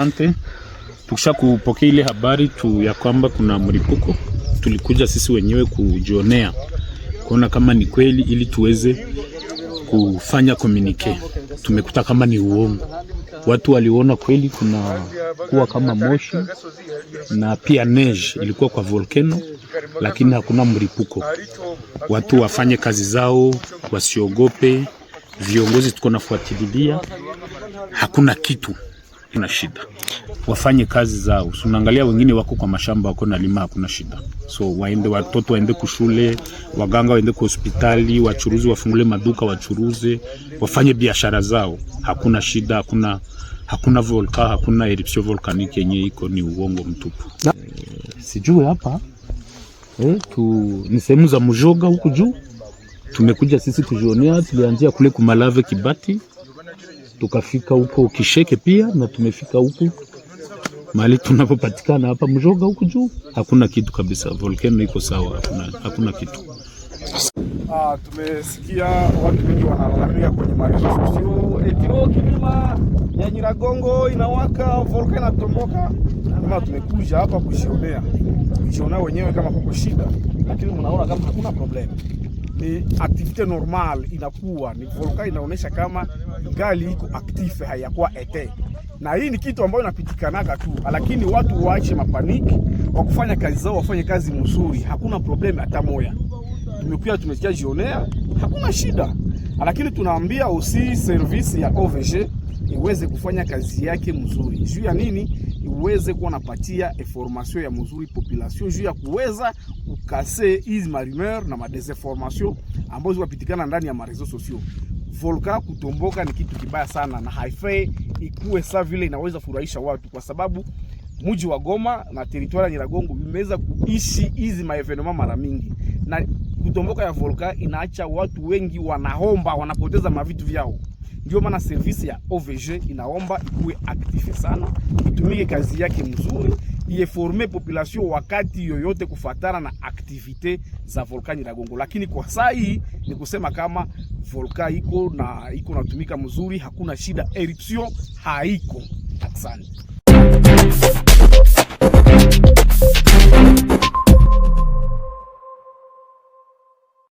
Asante. Tukisha kupokea ile habari tu ya kwamba kuna mlipuko, tulikuja sisi wenyewe kujionea kuona kama ni kweli, ili tuweze kufanya communique. Tumekuta kama ni uongo, watu waliona kweli kuna kuwa kama moshi na pia neige ilikuwa kwa volcano, lakini hakuna mlipuko. Watu wafanye kazi zao, wasiogope. Viongozi tuko nafuatilia, hakuna kitu hakuna shida, wafanye kazi zao. Unaangalia wengine wako kwa mashamba wako na lima, hakuna shida. So waende, watoto waende kushule, waganga waende kwa hospitali, wachuruzi wafungule maduka, wachuruze, wafanye biashara zao, hakuna shida, hakuna hakuna volka, hakuna eruption volcanique yenye iko, ni uongo mtupu. E, sijui hapa e, tu ni sehemu za mjoga huku juu, tumekuja sisi kujionea, tulianzia kule kumalave Kibati tukafika huko Kisheke pia na tumefika huko mahali tunapopatikana hapa Mjoga huku juu, hakuna kitu kabisa, volcano iko sawa, hakuna, hakuna kitu. Ah, tumesikia watu wengi wanalalamika kwenye marezo, eti oh, kilima ya Nyiragongo inawaka, volcano inatomboka. Kama tumekuja hapa kushionea, kushionea wenyewe kama kuko shida, lakini mnaona kama hakuna problem ni activite normal inakuwa ni volkan inaonesha kama ngali iko aktife hayakuwa ete, na hii ni kitu ambayo inapitikanaga tu, lakini watu waache mapaniki wa kufanya kazi zao, wafanye kazi mzuri, hakuna problem hata moya. Tumekuwa tumesikia jionea, hakuna shida, lakini tunaambia usi service ya OVG iweze kufanya kazi yake mzuri. Juu ya nini? iweze kuwa napatia information ya mzuri population juu ya kuweza kukase hizi marumeur na madesinformation ambazo zinapitikana ndani ya marezo sosio. Volcan kutomboka ni kitu kibaya sana, na haifai ikuwe saa vile inaweza furahisha watu, kwa sababu mji wa Goma na teritwari ya Nyiragongo imeweza kuishi hizi maevenema mara mingi, na kutomboka ya volcan inaacha watu wengi wanahomba, wanapoteza mavitu vyao. Ndio maana servisi ya OVG inaomba ikuwe aktife sana, itumike kazi yake mzuri, ieforme population wakati yoyote kufatana na aktivite za volkani Gongo. Lakini kwa saa hii ni kusema kama volka iko na iko natumika mzuri, hakuna shida, eruption haiko. Asante.